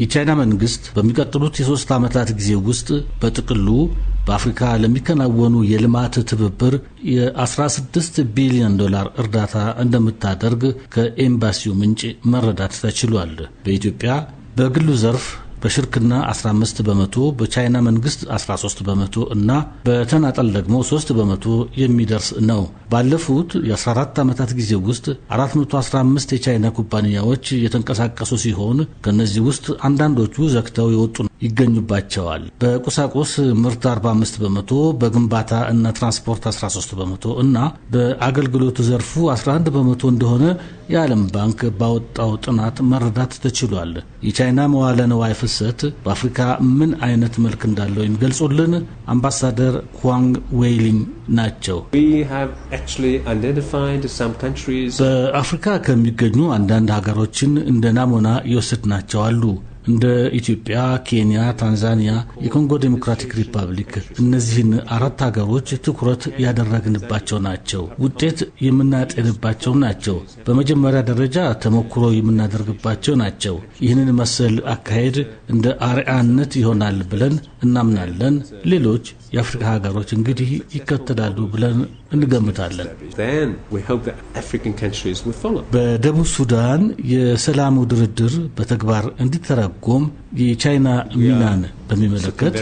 የቻይና መንግስት በሚቀጥሉት የሶስት ዓመታት ጊዜ ውስጥ በጥቅሉ በአፍሪካ ለሚከናወኑ የልማት ትብብር የ16 ቢሊዮን ዶላር እርዳታ እንደምታደርግ ከኤምባሲው ምንጭ መረዳት ተችሏል። በኢትዮጵያ በግሉ ዘርፍ በሽርክና 15 በመቶ በቻይና መንግስት 13 በመቶ እና በተናጠል ደግሞ 3 በመቶ የሚደርስ ነው። ባለፉት የ14 ዓመታት ጊዜ ውስጥ 415 የቻይና ኩባንያዎች የተንቀሳቀሱ ሲሆን ከእነዚህ ውስጥ አንዳንዶቹ ዘግተው የወጡ ይገኙባቸዋል። በቁሳቁስ ምርት 45 በመቶ፣ በግንባታ እና ትራንስፖርት 13 በመቶ እና በአገልግሎቱ ዘርፉ 11 በመቶ እንደሆነ የዓለም ባንክ ባወጣው ጥናት መረዳት ተችሏል። የቻይና መዋለ ነዋይ ፍሰት በአፍሪካ ምን አይነት መልክ እንዳለው የሚገልጹልን አምባሳደር ኳንግ ዌይሊንግ ናቸው። በአፍሪካ ከሚገኙ አንዳንድ ሀገሮችን እንደ ናሙና ይወስድ ናቸው አሉ እንደ ኢትዮጵያ፣ ኬንያ፣ ታንዛኒያ፣ የኮንጎ ዴሞክራቲክ ሪፐብሊክ እነዚህን አራት ሀገሮች ትኩረት ያደረግንባቸው ናቸው። ውጤት የምናጤንባቸው ናቸው። በመጀመሪያ ደረጃ ተሞክሮ የምናደርግባቸው ናቸው። ይህንን መሰል አካሄድ እንደ አርአያነት ይሆናል ብለን እናምናለን። ሌሎች የአፍሪካ ሀገሮች እንግዲህ ይከተላሉ ብለን እንገምታለን። በደቡብ ሱዳን የሰላሙ ድርድር በተግባር እንዲተረጎም የቻይና ሚናን በሚመለከት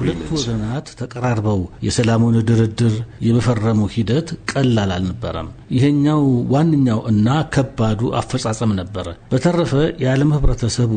ሁለቱ ወገናት ተቀራርበው የሰላሙን ድርድር የመፈረሙ ሂደት ቀላል አልነበረም። ይሄኛው ዋነኛው እና ከባዱ አፈጻጸም ነበረ። በተረፈ የዓለም ህብረተሰቡ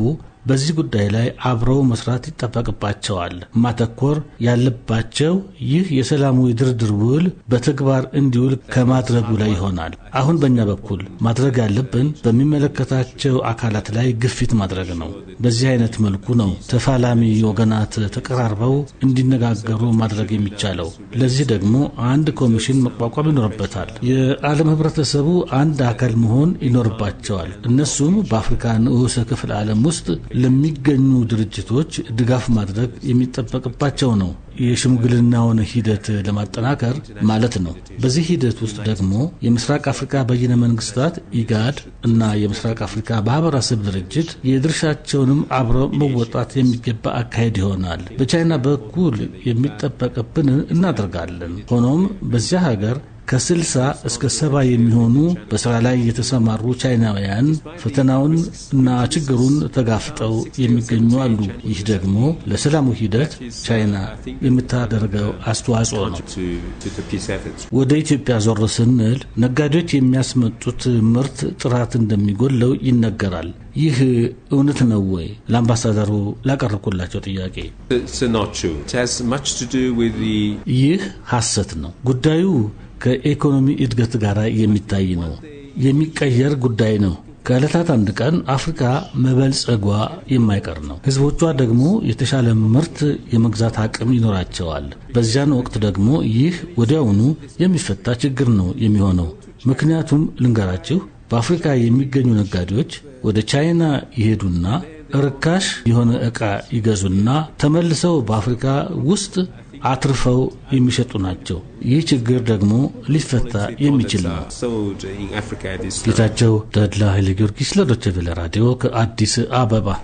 በዚህ ጉዳይ ላይ አብረው መስራት ይጠበቅባቸዋል። ማተኮር ያለባቸው ይህ የሰላሙ የድርድር ውል በተግባር እንዲውል ከማድረጉ ላይ ይሆናል። አሁን በእኛ በኩል ማድረግ ያለብን በሚመለከታቸው አካላት ላይ ግፍ ግፊት ማድረግ ነው። በዚህ አይነት መልኩ ነው ተፋላሚ ወገናት ተቀራርበው እንዲነጋገሩ ማድረግ የሚቻለው። ለዚህ ደግሞ አንድ ኮሚሽን መቋቋም ይኖርበታል። የዓለም ህብረተሰቡ አንድ አካል መሆን ይኖርባቸዋል። እነሱም በአፍሪካ ንዑሰ ክፍል ዓለም ውስጥ ለሚገኙ ድርጅቶች ድጋፍ ማድረግ የሚጠበቅባቸው ነው። የሽምግልናውን ሂደት ለማጠናከር ማለት ነው። በዚህ ሂደት ውስጥ ደግሞ የምስራቅ አፍሪካ በይነ መንግስታት ኢጋድ እና የምስራቅ አፍሪካ ማህበረሰብ ድርጅት የድርሻቸውንም አብረው መወጣት የሚገባ አካሄድ ይሆናል። በቻይና በኩል የሚጠበቅብን እናደርጋለን። ሆኖም በዚያ ሀገር ከ60 እስከ ሰባ የሚሆኑ በስራ ላይ የተሰማሩ ቻይናውያን ፈተናውን እና ችግሩን ተጋፍጠው የሚገኙ አሉ። ይህ ደግሞ ለሰላሙ ሂደት ቻይና የምታደርገው አስተዋጽኦ ነው። ወደ ኢትዮጵያ ዞር ስንል ነጋዴዎች የሚያስመጡት ምርት ጥራት እንደሚጎለው ይነገራል። ይህ እውነት ነው ወይ? ለአምባሳደሩ ላቀረብኩላቸው ጥያቄ ይህ ሐሰት ነው። ጉዳዩ ከኢኮኖሚ እድገት ጋር የሚታይ ነው። የሚቀየር ጉዳይ ነው። ከዕለታት አንድ ቀን አፍሪካ መበልጸጓ የማይቀር ነው። ህዝቦቿ ደግሞ የተሻለ ምርት የመግዛት አቅም ይኖራቸዋል። በዚያን ወቅት ደግሞ ይህ ወዲያውኑ የሚፈታ ችግር ነው የሚሆነው። ምክንያቱም ልንገራችሁ፣ በአፍሪካ የሚገኙ ነጋዴዎች ወደ ቻይና ይሄዱና ርካሽ የሆነ ዕቃ ይገዙና ተመልሰው በአፍሪካ ውስጥ አትርፈው የሚሸጡ ናቸው። ይህ ችግር ደግሞ ሊፈታ የሚችል ነው። ጌታቸው ተድላ ኃይለ ጊዮርጊስ ለዶቸቬለ ራዲዮ ከአዲስ አበባ